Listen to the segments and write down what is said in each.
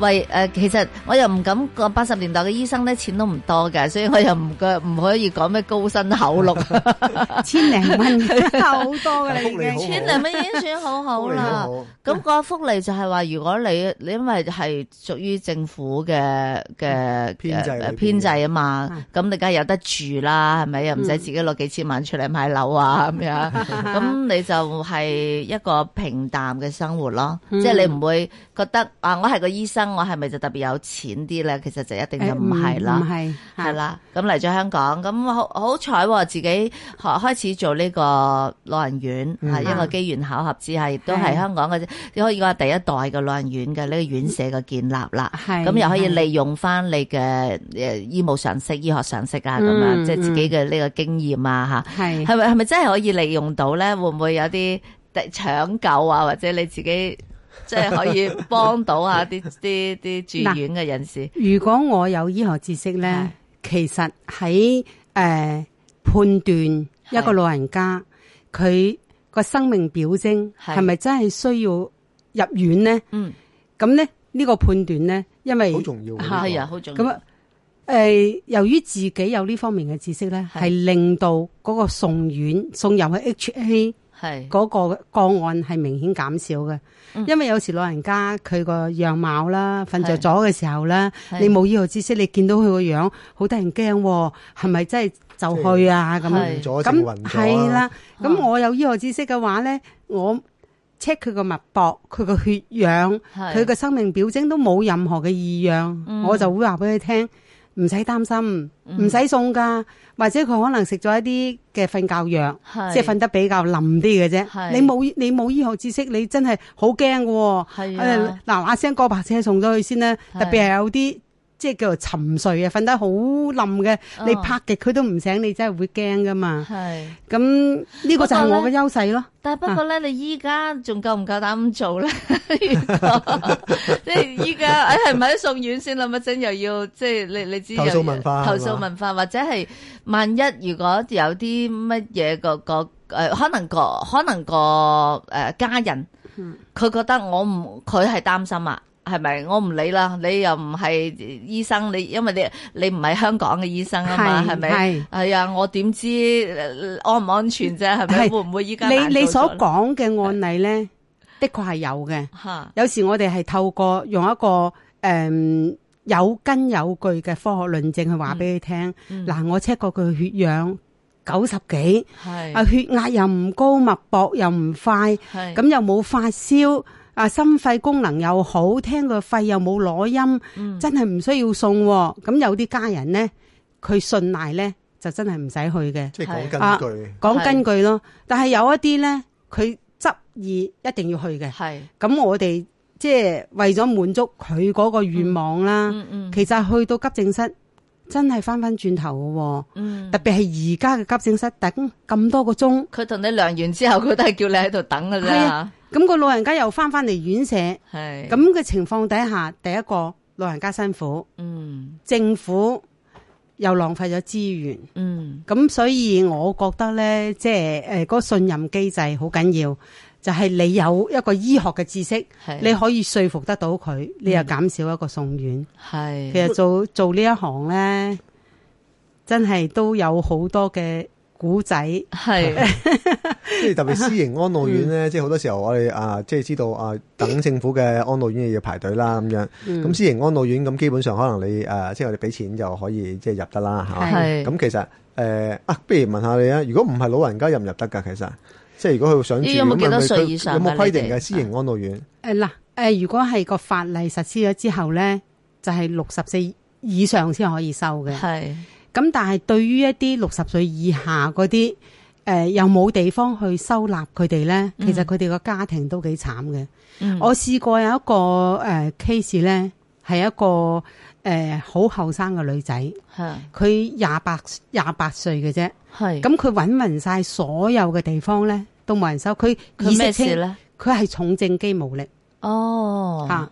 喂，誒、呃、其實我又唔敢講八十年代嘅醫生咧，錢都唔多嘅，所以我又唔覺唔可以講咩高薪厚禄 千零蚊夠好，好多嘅，你已經千零蚊已經算好好啦。咁個福利就係話如果你你因為係屬於政府嘅嘅編制編制啊嘛，咁的你梗係有得住啦，係咪？嗯、又唔使自己攞幾千萬出嚟買樓啊咁、嗯、樣，咁你就係一個平淡嘅生活咯，嗯、即係你唔會覺得啊，我係個醫生。我係咪就特別有錢啲咧？其實就一定就唔係啦，係、欸嗯嗯、啦。咁嚟咗香港，咁好好彩、啊、自己學開始做呢個老人院，係、嗯、一個機緣巧合之下，是都係香港嘅，可以話第一代嘅老人院嘅呢、這個院舍嘅建立啦。係咁是又可以利用翻你嘅誒醫務常識、是醫學常識啊，咁、嗯、樣即係自己嘅呢個經驗啊，吓係係咪係咪真係可以利用到咧？會唔會有啲搶救啊，或者你自己？ 即係可以幫到下啲啲啲住院嘅人士。如果我有醫學知識咧，是其實喺誒、呃、判斷一個老人家佢個是生命表徵係咪真係需要入院咧？嗯是，咁咧呢、這個判斷咧，因為好重要，係啊，好重要。咁啊，誒、呃，由於自己有呢方面嘅知識咧，係是令到嗰個送院送入去 HA。係嗰個個案係明顯減少嘅，因為有時老人家佢個樣貌啦，瞓着咗嘅時候咧，你冇醫學知識，你見到佢個樣好得人驚，係咪真係就去啊？咁咁係啦。咁我有醫學知識嘅話咧，我 check 佢個脈搏，佢個血氧，佢個生命表徵都冇任何嘅異樣，我就會話俾佢聽。唔使擔心，唔使送㗎，嗯、或者佢可能食咗一啲嘅瞓覺藥，即係瞓得比較冧啲嘅啫。你冇你冇醫學知識，你真係好驚喎。嗱嗱聲，過白車送咗去先啦。特別係有啲。即係叫做沉睡啊，瞓得好冧嘅，哦、你拍極佢都唔醒，你真係會驚噶嘛？咁呢是個就係我嘅優勢咯。呢啊、但不過咧，你依家仲夠唔夠膽做咧？即係依家誒，係、哎、咪送院先？諗一陣又要即係你你知投訴文化，投訴文化或者係萬一如果有啲乜嘢個個、呃、可能個可能個、呃、家人佢、嗯、覺得我唔佢係擔心啊。係咪？我唔理啦，你又唔係醫生，你因為你你唔係香港嘅醫生啊嘛，係咪？係啊，我點知安唔安全啫？係咪？是會唔會依家你你所講嘅案例咧？是的確係有嘅。吓是，有時我哋係透過用一個誒、嗯、有根有據嘅科學論證去話俾你聽。嗱、嗯，我 check 過佢嘅血氧九十幾，係啊，是血壓又唔高，脈搏又唔快，咁是又冇發燒。啊，心肺功能又好，聽個肺又冇攞音，嗯、真係唔需要送、哦。咁有啲家人咧，佢信賴咧，就真係唔使去嘅。即係講根據，講、啊、根據咯。是但係有一啲咧，佢執意一定要去嘅。係咁是，我哋即係為咗滿足佢嗰個願望啦。嗯嗯嗯、其實去到急症室，真係翻翻轉頭嘅、哦。嗯、特別係而家嘅急症室，等咁多個鐘，佢同你量完之後，佢都係叫你喺度等㗎啫。咁個老人家又返返嚟院舍，咁嘅是情況底下，第一個老人家辛苦，嗯、政府又浪費咗資源，咁、嗯、所以我覺得咧，即係誒嗰個信任機制好緊要，就係、是、你有一個醫學嘅知識，是你可以說服得到佢，你又減少一個送院。係是其實做做呢一行咧，真係都有好多嘅。古仔係，即係特別私營安老院咧，即係好多時候我哋啊，即係知道啊，等政府嘅安老院又要排隊啦咁樣。咁、嗯、私營安老院咁，基本上可能你誒，即係我哋俾錢就可以即係入得啦，吓是。咁是其實誒、呃、啊，不如問下你啊，如果唔係老人家入唔入得噶？其實即係如果佢想住，你有冇幾多歲以上？有冇規定嘅？私營安老院誒，嗱誒，如果係個法例實施咗之後咧，就係六十四以上先可以收嘅。係。咁但係對於一啲六十歲以下嗰啲，誒、呃、又冇地方去收納佢哋咧，嗯、其實佢哋個家庭都幾慘嘅。嗯、我試過有一個誒 case 咧，係、呃、一個誒好後生嘅女仔，佢廿八廿八歲嘅啫，咁佢揾勻晒所有嘅地方咧，都冇人收。佢佢咩事咧？佢係重症肌無力。哦。啊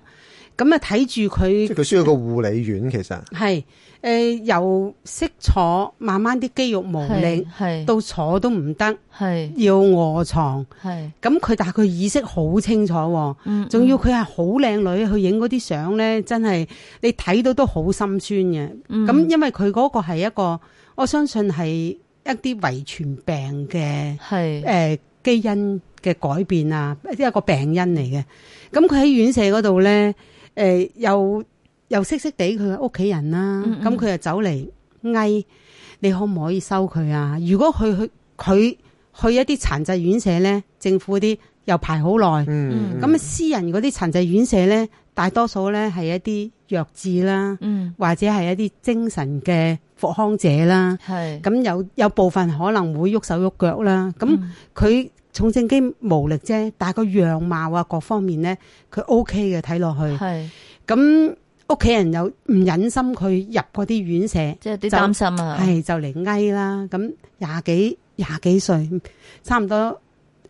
咁啊！睇住佢，即係佢需要個護理院，其實係誒、由識、呃、坐慢慢啲肌肉無力，係到坐都唔得，係要臥床，係咁佢但係佢意識好清楚，嗯，嗯，仲要佢係好靚女，去影嗰啲相咧，真係你睇到都好心酸嘅。咁、嗯、因為佢嗰個係一個，我相信係一啲遺傳病嘅，係誒、呃、基因嘅改變啊，一啲一個病因嚟嘅。咁佢喺院舍嗰度咧。誒、呃、又又識識地佢屋企人啦，咁佢又走嚟，嗌：「你可唔可以收佢啊？如果佢去佢去，去一啲殘疾院舍咧，政府啲又排好耐，咁啊、嗯、私人嗰啲殘疾院舍咧，大多數咧係一啲弱智啦，嗯、或者係一啲精神嘅復康者啦，咁是有有部分可能會喐手喐腳啦，咁佢。嗯嗯重症肌無力啫，但係，個樣貌啊，各方面咧，佢 O K 嘅，睇落去。係咁是，屋企人又唔忍心佢入嗰啲院舍，即係啲擔心啊。係就嚟曳啦，咁廿幾廿幾歲，差唔多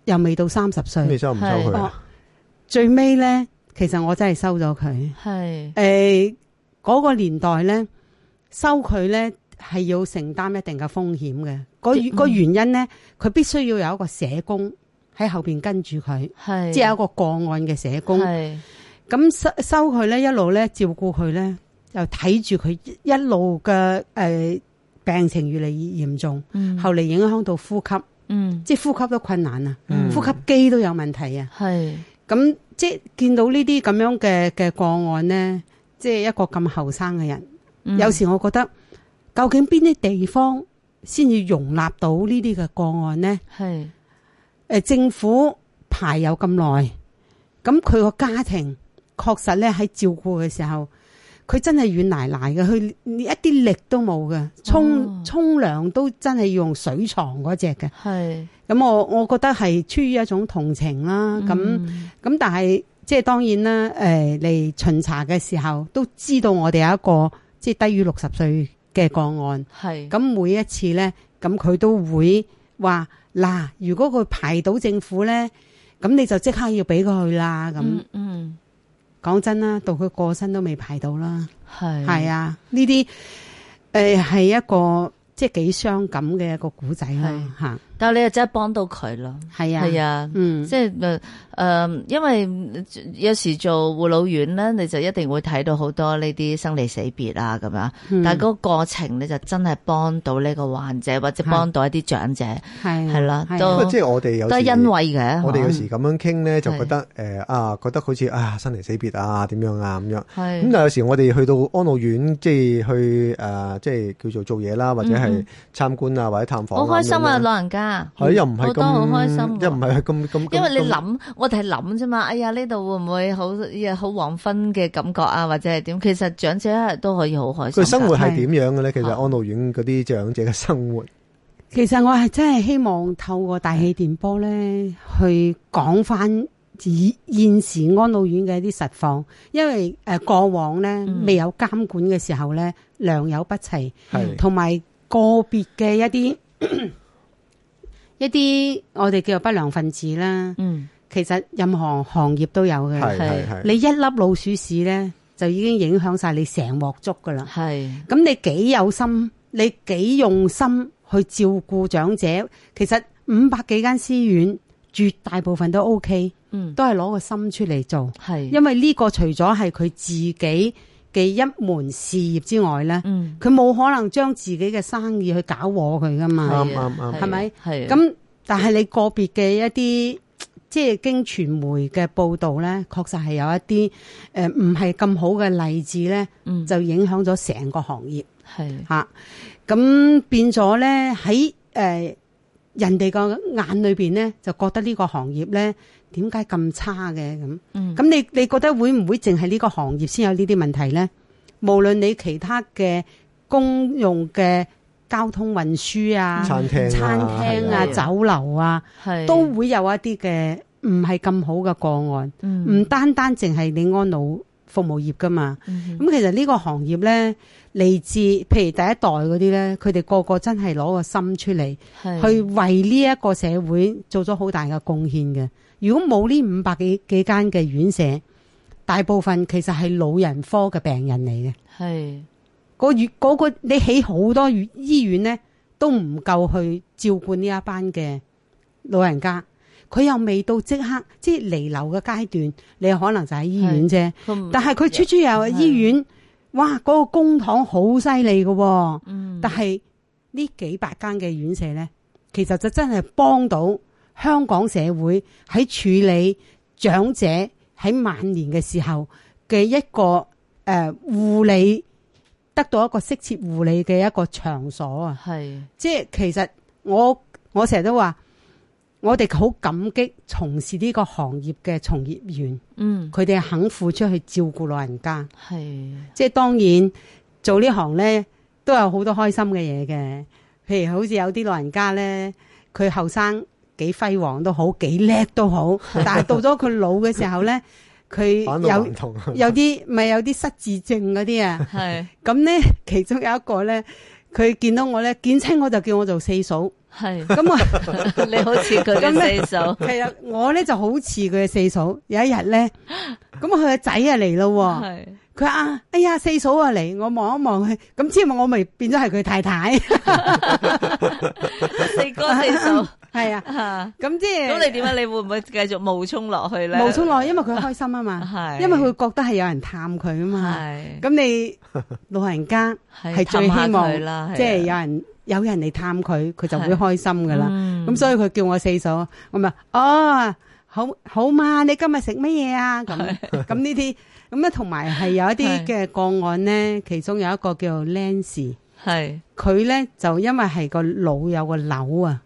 又未到三十歲，未收唔收佢是。最尾咧，其實我真係收咗佢。係誒是，嗰、呃那個年代咧，收佢咧。係要承擔一定嘅風險嘅，個、嗯、個原因咧，佢必須要有一個社工喺後邊跟住佢，是即係一個個案嘅社工。咁是收收佢咧，一路咧照顧佢咧，又睇住佢一路嘅誒、呃、病情越嚟越嚴重，嗯、後嚟影響到呼吸，嗯、即係呼吸都困難啊，嗯、呼吸機都有問題啊。咁是即係見到呢啲咁樣嘅嘅個案咧，即係一個咁後生嘅人，嗯、有時我覺得。究竟邊啲地方先要容納到呢啲嘅個案呢？係誒是、呃，政府排有咁耐，咁佢個家庭確實咧喺照顧嘅時候，佢真係軟奶奶嘅，佢一啲力都冇嘅，沖沖涼都真係要用水床嗰隻嘅。係咁是，我我覺得係出於一種同情啦。咁咁、嗯，但係即係當然啦，誒、哎、嚟巡查嘅時候都知道，我哋有一個即係、就是、低於六十歲。嘅個案，係咁每一次咧，咁佢都會話嗱、啊，如果佢排到政府咧，咁你就即刻要俾佢去啦。咁、嗯，嗯，講真啦，到佢過身都未排到啦，係係是啊，呢啲誒係一個即係幾傷感嘅一個古仔啦吓。是但係你又真係幫到佢咯，係啊，係啊，嗯，即係誒，誒，因為有時做護老院咧，你就一定會睇到好多呢啲生離死別啊咁樣，但係嗰個過程你就真係幫到呢個患者或者幫到一啲長者，係，係咯，都都係欣慰嘅。我哋有時咁樣傾咧，就覺得誒啊，覺得好似啊生離死別啊，點樣啊咁樣，係。咁但係有時我哋去到安老院，即係去誒，即係叫做做嘢，啦，或者係參觀啊或者探訪，好開心啊老人家。係、啊嗯、又唔係咁，開心啊、又唔係咁咁。因為你諗，麼我哋係諗啫嘛。哎呀，呢度會唔會好又好黃昏嘅感覺啊？或者係點？其實長者都可以好開心。佢生活係點樣嘅咧？是其實安老院嗰啲長者嘅生活，啊，其實我係真係希望透過大氣電波咧去講返現現時安老院嘅一啲實況，因為誒過往咧，嗯，未有監管嘅時候咧良莠不齊，同埋是個別嘅一啲。咳咳一啲我哋叫做不良分子啦，嗯，其實任何行業都有嘅，係係係。你一粒老鼠屎咧，就已經影響晒你成鑊粥噶啦，係是。咁你幾有心，你幾用心去照顧長者，其實五百幾間私院絕大部分都 OK，嗯，都係攞個心出嚟做，係是。因為呢個除咗係佢自己。嘅一門事業之外咧，佢冇、嗯、可能將自己嘅生意去搞和佢㗎嘛，啱啱啱，係咪？係咁，但係你個別嘅一啲，即、就、係、是、經傳媒嘅報道咧，確實係有一啲誒唔係咁好嘅例子咧，嗯、就影響咗成個行業，係吓是，咁、啊、變咗咧喺誒。人哋個眼裏邊咧，就覺得呢個行業咧點解咁差嘅咁？咁你、嗯、你覺得會唔會淨係呢個行業先有呢啲問題咧？無論你其他嘅公用嘅交通運輸啊、餐廳、餐廳啊、係、酒樓啊，係、都會有一啲嘅唔係咁好嘅個案，唔、嗯、單單淨係你安老服務業噶嘛？咁、嗯、哼其實呢個行業咧，嚟自譬如第一代啲咧，佢哋個個真係攞個心出嚟，係是，去為呢一個社會做咗好大嘅貢獻嘅。如果冇呢五百幾幾間嘅院舍，大部分其實係老人科嘅病人嚟嘅。係是、嗰個、嗰個你起好多醫院咧，都唔夠去照顧呢一班嘅老人家。佢又未到即刻，即係彌留嘅階段，你可能就喺醫院啫。但係佢出出入醫院，的哇！嗰、那個公帑好犀利嘅。嗯。但係呢幾百間嘅院舍咧，其實就真係幫到香港社會喺處理長者喺晚年嘅時候嘅一個誒護理，得到一個適切護理嘅一個場所啊。係的。即係其實我我成日都話。我哋好感激從事呢個行業嘅從業員，嗯，佢哋肯付出去照顧老人家，係的，即係當然做呢行咧都有好多開心嘅嘢嘅，譬如好似有啲老人家咧，佢後生幾輝煌都好，幾叻都好，但係到咗佢老嘅時候咧，佢 有唔同，有啲咪 有啲失智症嗰啲啊，係的，咁咧其中有一個咧。佢見到我咧，見親我就叫我做四嫂，係咁啊！嗯、 你好似佢嘅四嫂，其實啊，我咧就好似佢嘅四嫂。有一日咧，咁佢個仔啊嚟咯，佢話啊的，哎呀，四嫂啊嚟，我望一望佢，咁之後我咪變咗係佢太太 四哥四嫂。啊係啊，咁即係咁你點解？你會唔會繼續冒充落去咧？冒充落去，因為佢開心啊嘛，因為佢覺得係有人探佢啊嘛。咁你老人家係最希望，即係有人有人嚟探佢，佢就會開心噶啦。咁所以佢叫我四嫂，我咪哦，好好嘛，你今日食乜嘢啊？咁咁呢啲咁啊，同埋係有一啲嘅個案咧，其中有一個叫做 Lancy，係佢咧就因為係個腦有個瘤啊。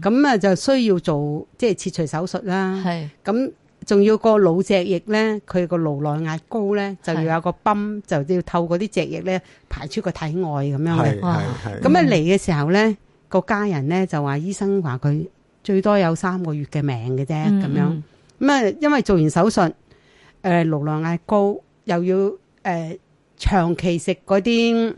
咁啊，就需要做即係切除手術啦。係是，咁仲要個腦脊液咧，佢個顱內壓高咧，就要有個泵，是就要透過啲脊液咧排出個體外咁樣係係係。咁一嚟嘅時候咧，嗯、個家人咧就話醫生話佢最多有三個月嘅命嘅啫，咁樣、嗯嗯。咁啊，因為做完手術，誒顱內壓高，又要誒、呃、長期食嗰啲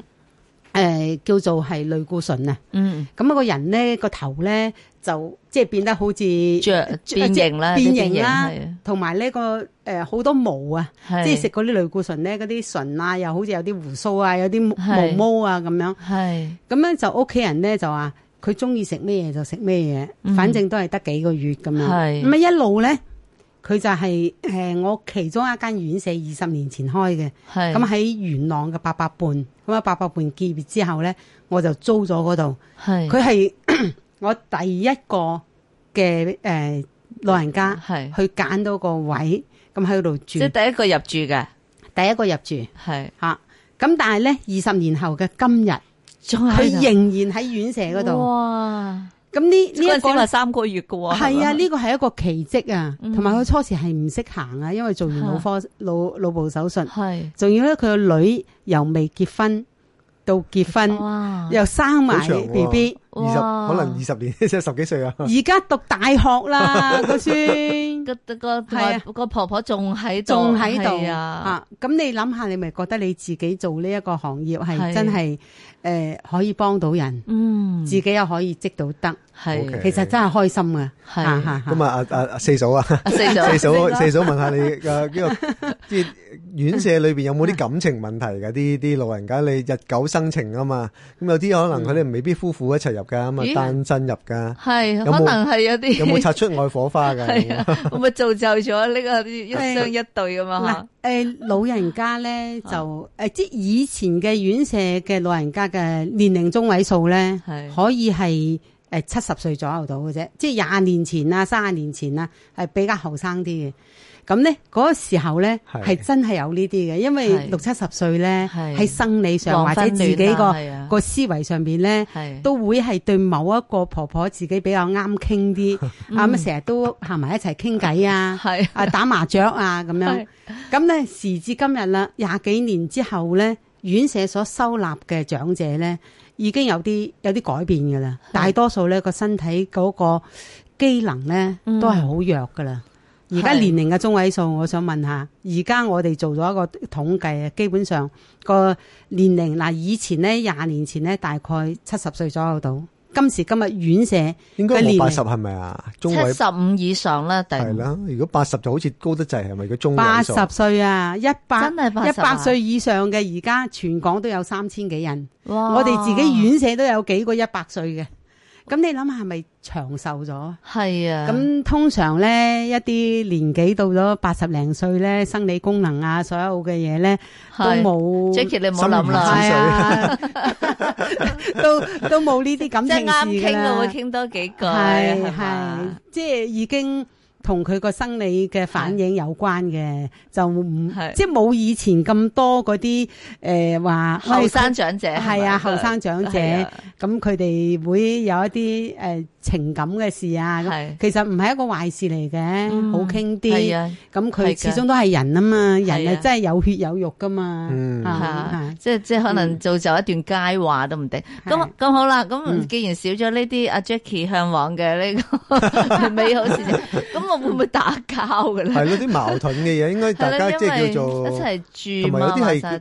誒叫做係類固醇啊。嗯，嗯。咁啊，個人咧個頭咧。就即係變得好似著變形啦，變形啦，同埋呢個誒好、呃、多毛啊，是即係食嗰啲類固醇咧，嗰啲醇啊，又好似有啲鬍鬚啊，有啲毛毛啊咁是樣。係咁是樣，就屋企人咧就話佢中意食咩嘢就食咩嘢，嗯、反正都係得幾個月咁樣。係咁啊一路咧，佢就係、是、誒、呃、我其中一間院舍二十年前開嘅，咁喺是元朗嘅八百伴，咁啊八百伴結業之後咧，我就租咗嗰度。佢係是。我第一個嘅誒老人家係去揀到個位，咁喺度住，即係第一個入住嘅，第一個入住係吓。咁但係咧，二十年後嘅今日，佢仍然喺院舍嗰度。哇！咁呢呢個講話三個月㗎喎，係啊，呢個係一個奇蹟啊！同埋佢初時係唔識行啊，因為做完腦科腦腦部手術，係仲要咧，佢個女由未結婚到結婚，又生埋 B B。二十 20, 哇可能二十年即係 十幾歲啊！而家讀大學啦，佢先。 個個個個婆婆仲喺度，仲喺度啊！咁你諗下，你咪覺得你自己做呢一個行業係真係誒可以幫到人，嗯，自己又可以積到德，係，其實真係開心噶，係啊！咁啊，阿阿四嫂啊，四嫂，四嫂問下你個呢個即係院舍裏邊有冇啲感情問題噶？啲啲老人家你日久生情啊嘛，咁有啲可能佢哋未必夫婦一齊入噶，咁啊單身入噶，係，有冇係有啲有冇擦出愛火花嘅？咁咪造就咗呢個一雙一對㗎嘛？嗱，老人家咧就即係 以前嘅院舍嘅老人家嘅年齡中位數咧，係可以係誒七十歲左右到嘅啫，即係廿年前啊，三十年前啊，係比較後生啲嘅。咁呢嗰個時候咧，係真係有呢啲嘅，因為六七十歲咧，喺生理上或者自己個個思維上面咧，都會係對某一個婆婆自己比較啱傾啲，咁成日都行埋一齊傾偈啊，啊打麻雀啊咁樣。咁咧時至今日啦，廿幾年之後咧，院舍所收納嘅長者咧，已經有啲有啲改變㗎啦。大多數咧個身體嗰個機能咧，都係好弱㗎啦。而家年齡嘅中位數，我想問一下，而家我哋做咗一個統計啊，基本上個年齡嗱，以前咧廿年前咧大概七十歲左右度，今時今日院舍嘅年齡七十五以上啦，係啦。如果八十就好似高得滯，係咪個中位數？八十歲啊，一百一百歲以上嘅，而家全港都有三千幾人，哇我哋自己院舍都有幾個一百歲嘅。咁你諗下係咪長壽咗？係啊！咁通常咧，一啲年紀到咗八十零歲咧，生理功能啊，所有嘅嘢咧都冇。Jackie，你唔好諗耐，都都冇呢啲感情即。即係啱傾，我會傾多幾句。係係，即係已經。同佢個生理嘅反應有關嘅就唔係，即係冇以前咁多嗰啲，誒話後生長者，係啊後生長者，咁佢哋會有一啲誒情感嘅事啊，其實唔係一個壞事嚟嘅，好傾啲啊。咁佢始終都係人啊嘛，人啊真係有血有肉噶嘛，即係即係可能造就一段佳話都唔定。咁咁好啦，咁既然少咗呢啲阿 Jackie 嚮往嘅呢個美好事情咁。會唔會打交㗎咧？係嗰啲矛盾嘅嘢，應該大家即係叫做一齊住同埋有啲係誒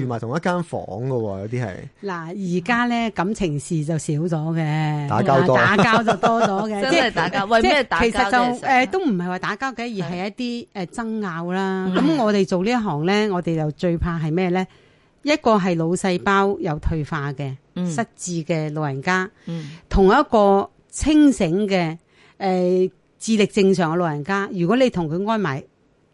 住埋同一間房喎。有啲係。嗱，而家咧感情事就少咗嘅，打交多，打交就多咗嘅，真係打交。為咩？其實就誒都唔係話打交嘅，而係一啲誒爭拗啦。咁我哋做呢一行咧，我哋就最怕係咩咧？一個係腦細胞有退化嘅，失智嘅老人家，同一個清醒嘅誒。智力正常嘅老人家，如果你同佢安埋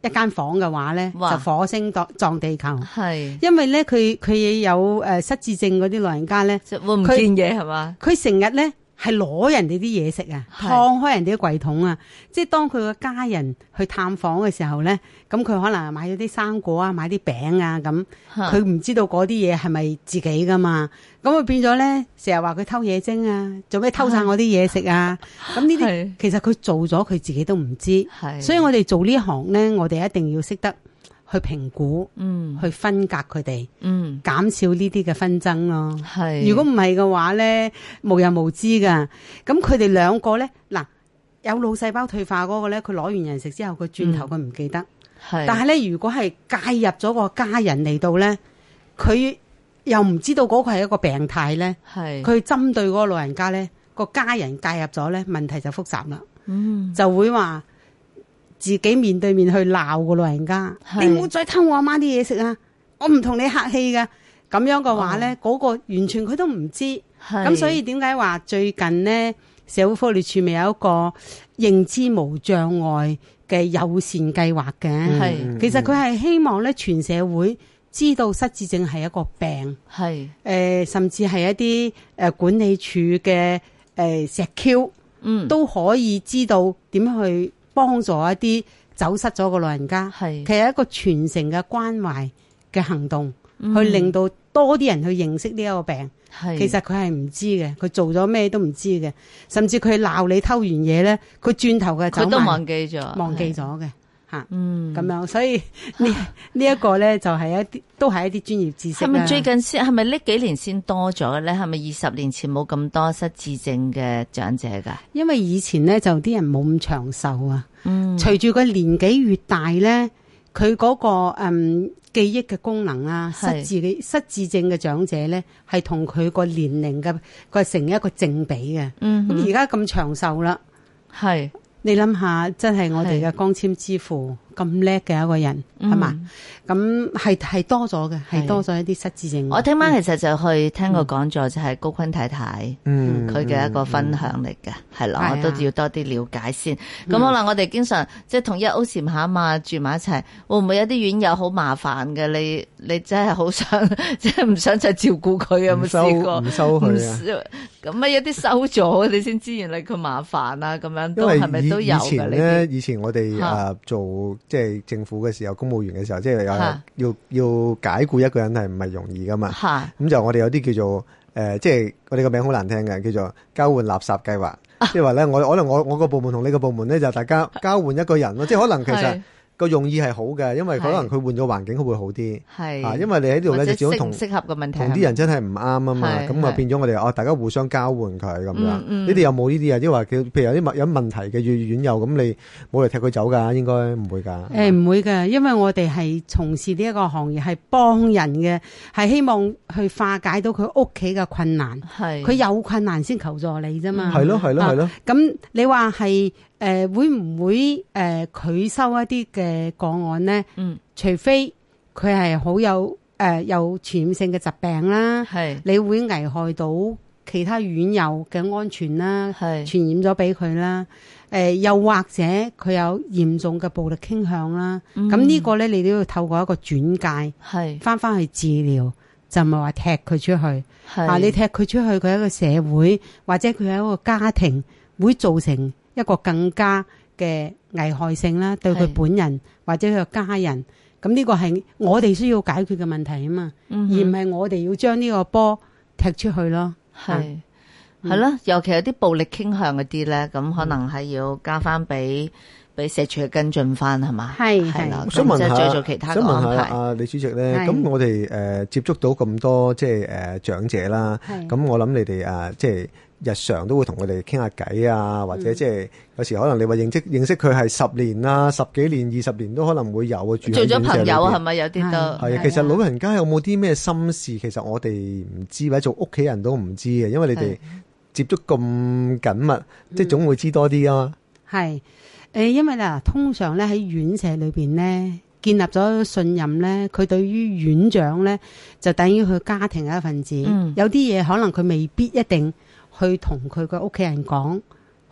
一間房嘅話咧，嘩就火星撞地球。係是，因為咧佢佢有誒失智症嗰啲老人家咧，會唔見嘢係嘛？佢成日咧。吧係攞人哋啲嘢食啊，放開人哋啲櫃桶啊，即係當佢個家人去探訪嘅時候咧，咁佢可能買咗啲生果啊，買啲餅啊咁，佢唔知道嗰啲嘢係咪自己㗎嘛，咁佢變咗咧，成日話佢偷嘢精啊，做咩偷晒我啲嘢食啊？咁呢啲其實佢做咗，佢自己都唔知，所以我哋做呢行咧，我哋一定要識得。去評估，嗯，去分隔佢哋，嗯，減少呢啲嘅紛爭咯。係，如果唔係嘅話咧，無人無知噶。咁佢哋兩個咧，嗱，有腦細胞退化嗰個咧，佢攞完人食之後，佢轉頭佢唔記得。係，嗯，但係咧，如果係介入咗個家人嚟到咧，佢又唔知道嗰個係一個病態咧。係，佢針對嗰個老人家咧，個家人介入咗咧，問題就複雜啦。嗯，就會話。自己面對面去鬧個老人家。是你唔好再偷我阿媽啲嘢食啊！我唔同你客氣噶，咁樣嘅話咧，嗰、啊、個完全佢都唔知。咁是所以點解話最近咧，社會福利署未有一個認知無障礙嘅友善計劃嘅？是嗯、其實佢係希望咧，全社會知道失智症係一個病。是呃、甚至係一啲、呃、管理處嘅石 Q，嗯，都可以知道點去。幫助一啲走失咗個老人家，係是其實一個全程嘅關懷嘅行動，嗯、去令到多啲人去認識呢一個病。是其實佢係唔知嘅，佢做咗咩都唔知嘅，甚至佢鬧你偷完嘢咧，佢轉頭嘅。佢都忘記咗，忘記咗嘅。嗯，咁樣，所以呢呢一個咧，就係一啲都係一啲專業知識。係咪最近先？係咪呢幾年先多咗咧？係咪二十年前冇咁多失智症嘅長者噶？因為以前咧就啲人冇咁長壽啊、嗯那個。嗯，隨住個年紀越大咧，佢嗰個嗯記憶嘅功能啊，失智嘅是失智症嘅長者咧，係同佢個年齡嘅佢係成一個正比嘅。嗯哼，而家咁長壽啦，係。你諗下，真係我哋嘅光纖之父。咁叻嘅一個人係嘛？咁係係多咗嘅，係多咗一啲失智症。我聽晚其實就去聽個講座，就係高坤太太，嗯，佢嘅一個分享嚟嘅，係咯，我都要多啲了解先。咁好啦，我哋經常即係同一屋檐下啊嘛，住埋一齊，會唔會有啲院友好麻煩嘅？你你真係好想，即係唔想再照顧佢，有冇試過，收咁啊，有啲收咗你先知，原來佢麻煩啦。咁樣都係咪都有嘅？以前以前我哋做。即係政府嘅時候，公務員嘅時候，即係有要是的 要，要解僱一個人係唔係容易噶嘛？咁是的 就我哋有啲叫做誒、呃，即係我哋個名好難聽嘅，叫做交換垃圾計劃。啊、即係話咧，我可能我我個部門同你個部門咧，就是、大家交換一個人咯。是的 即係可能其實。個用意係好嘅，因為可能佢換咗環境，佢會好啲。係，因為你喺呢度咧，就只好同適合嘅問題。同啲人真係唔啱啊嘛，咁啊變咗我哋哦，大家互相交換佢咁樣。嗯嗯。你哋有冇呢啲啊？即係話佢，譬如有啲問有問題嘅院友，咁你冇嚟踢佢走㗎，應該唔會㗎。誒唔會㗎，因為我哋係從事呢一個行業，係幫人嘅，係希望去化解到佢屋企嘅困難。係，佢有困難先求助你啫嘛。係咯，係咯，係咯。咁你話係？誒、呃、會唔會誒、呃、拒收一啲嘅個案咧？嗯，除非佢係好有誒、呃、有傳染性嘅疾病啦，是你會危害到其他院友嘅安全啦，係是傳染咗俾佢啦。誒、呃、又或者佢有嚴重嘅暴力傾向啦，咁、嗯、呢個咧你都要透過一個轉介，返翻翻去治療，就唔係話踢佢出去。是啊、你踢佢出去，佢係一個社會或者佢係一個家庭會造成一個更加嘅危害性啦，對佢本人或者佢個家人，咁呢個係我哋需要解決嘅問題啊嘛，而唔係我哋要將呢個波踢出去咯。係係咯，尤其有啲暴力傾向嗰啲咧，咁可能係要加翻俾俾社署去跟進翻係嘛？係係啦。我想問下，想問下啊李主席咧，咁我哋誒接觸到咁多即係誒長者啦，咁我諗你哋誒即係。日常都會同佢哋傾下偈啊，或者即係有時可能你話認識認識佢係十年啦、十幾年、二十年都可能會有啊。住做咗朋友係咪有啲多是？啊，其實老人家有冇啲咩心事，其實我哋唔知，或者做屋企人都唔知啊，因為你哋接觸咁緊密，的即係總會知多啲啊。係誒，因為嗱，通常咧喺院舍裏邊呢，建立咗信任咧，佢對於院長咧就等於佢家庭嘅一份子。嗯、有啲嘢可能佢未必一定。去同佢嘅屋企人講，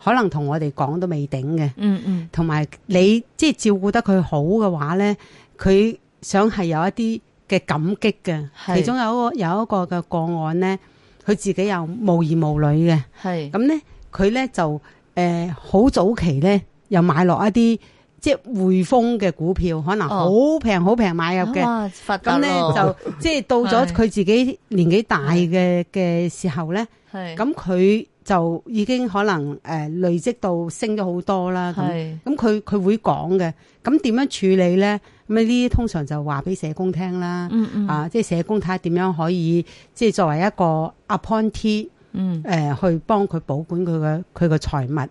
可能同我哋講都未頂嘅、嗯。嗯嗯。同埋你即係、就是、照顧得佢好嘅話咧，佢想係有一啲嘅感激嘅。是其中有一有一個嘅個案咧，佢自己又無言無女嘅。係是。咁咧，佢咧就好、呃、早期咧，又買落一啲即係匯豐嘅股票，可能好平好平買入嘅。咁咧、哦、就即係、就是、到咗佢自己年紀大嘅嘅時候咧。是嗯咁佢就已經可能誒累積到升咗好多啦，咁咁佢佢會講嘅，咁點樣處理咧？咁啊呢啲通常就話俾社工聽啦，嗯嗯啊即係、就是、社工睇下點樣可以即係、就是、作為一個 appointee，嗯呃、去幫佢保管佢嘅佢嘅財物，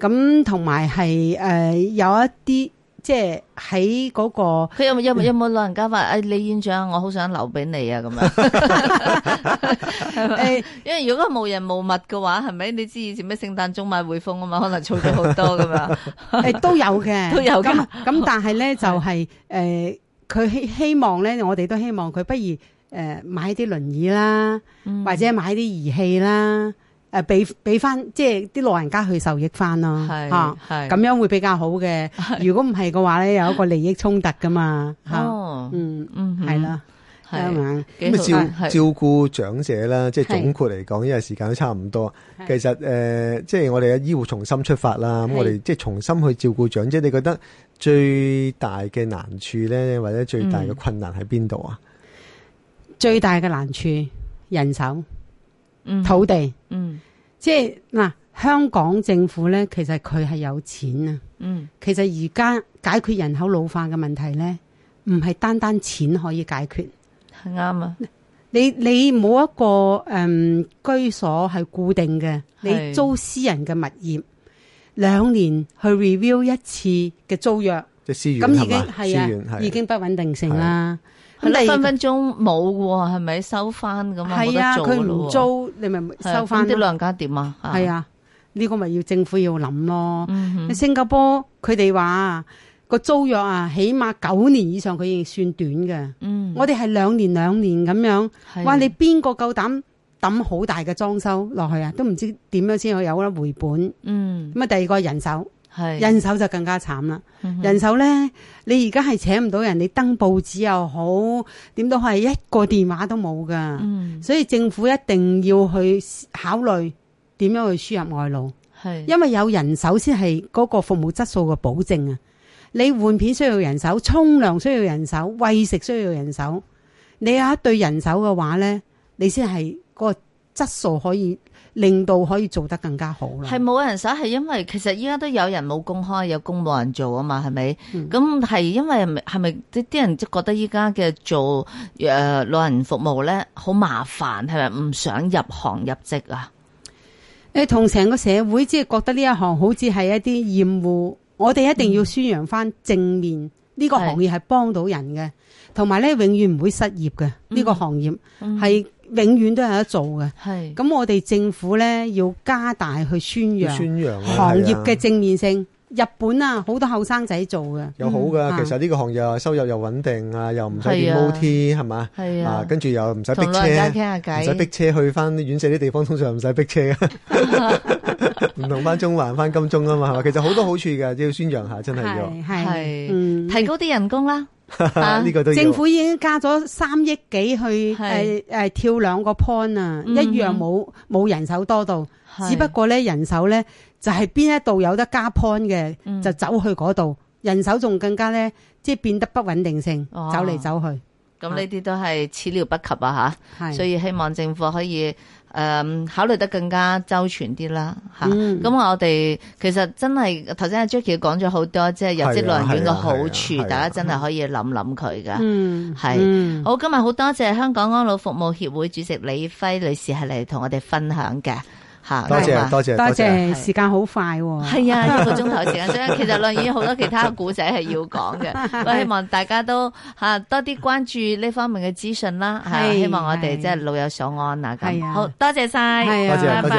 咁同埋係誒有一啲。即係喺嗰個，佢有冇有冇有冇老人家話誒，李、哎、院長我好想留俾你啊，咁樣。誒，因為如果冇無人冇無物嘅話，係咪？你知道以前咩聖誕鐘買滙豐啊嘛，可能儲咗好多噶嘛。誒 欸，都有嘅，都有嘅。咁但係咧 就係、是、誒，佢、呃、希希望咧，我哋都希望佢不如誒買啲輪椅啦，嗯、或者買啲儀器啦。誒，俾俾翻即係啲老人家去受益翻咯，吓，咁樣會比較好嘅。如果唔係嘅話咧，有一個利益衝突噶嘛。哦，嗯嗯，係啦，係嘛。咁照照顧長者啦，即係總括嚟講，因為時間都差唔多。其實誒，即係我哋嘅醫護重新出發啦。咁我哋即係重新去照顧長者。你覺得最大嘅難處咧，或者最大嘅困難喺邊度啊？最大嘅難處，人手。土地，嗯，嗯，即係嗱、啊，香港政府咧，其實佢係有錢啊，嗯，其實而家解決人口老化嘅問題咧，唔係單單錢可以解決，係啱啊。你你冇一個誒、嗯、居所係固定嘅，你租私人嘅物業，兩是年去 review 一次嘅租約，即係私園係嘛，私園已，已經不穩定性啦。分分鐘冇喎，係咪收翻咁啊？係啊，佢唔租，你咪收翻啲老人家點啊？係啊，呢個咪要政府要諗咯。嗯、哼新加坡佢哋話個租約啊，起碼九年以上，佢已經算短嘅。嗯，我哋係兩年兩年咁樣。哇的！你邊個夠膽揼好大嘅裝修落去啊？都唔知點樣先可以有得回本。嗯，咁啊第二個人手。是人手就更加慘啦，嗯、哼人手咧，你而家係請唔到人，你登報紙又好，點都係一個電話都冇噶，嗯、所以政府一定要去考慮點樣去輸入外勞，係是因為有人手先係嗰個服務質素嘅保證啊！你換片需要人手，沖涼需要人手，餵食需要人手，你有一對人手嘅話咧，你先係嗰個質素可以。令到可以做得更加好啦。係冇人手係因為其實依家都有人冇工開，有工冇人做啊嘛，係咪？咁係、嗯、因為係咪啲啲人即覺得依家嘅做誒老人服務咧好麻煩，係咪唔想入行入職啊？誒同成個社會即係覺得呢一行好似係一啲厭惡，我哋一定要宣揚翻正面呢個行業係幫到人嘅，同埋咧永遠唔會失業嘅呢、呢個行業係。永遠都有得做嘅，咁我哋政府咧要加大去宣揚行業嘅正面性。日本啊，好多後生仔做嘅，有好噶。其實呢個行業收入又穩定啊，又唔使變 OT 係嘛，啊，跟住又唔使逼車，唔使逼車去翻院舍啲地方，通常唔使逼車，唔同翻中環、翻金鐘啊嘛。其實好多好處嘅，要宣揚下，真係要，提高啲人工啦。呢個都政府已經加咗三億幾去誒誒是、呃、跳兩個 point 啊，嗯、哼一樣冇冇人手多到，是只不過咧人手咧就係邊一度有得加 point 嘅、嗯、就走去嗰度，人手仲更加咧即係變得不穩定性，哦、走嚟走去，咁呢啲都係始料不及啊吓，是所以希望政府可以。誒，um, 考慮得更加周全啲啦吓，咁我哋其實真係頭先阿 Jackie 講咗好多，即係日式老人院嘅好處，啊啊啊啊啊、大家真係可以諗諗佢噶。係好，今日好多謝香港安老服務協會主席李輝女士係嚟同我哋分享嘅。吓多謝多謝多謝，時間好快喎。係啊，一個鐘頭時間，所以其實論語好多其他古仔係要講嘅。我希望大家都吓多啲關注呢方面嘅資訊啦。係希望我哋即係老有所安啊。啊，好多謝晒，多謝拜拜。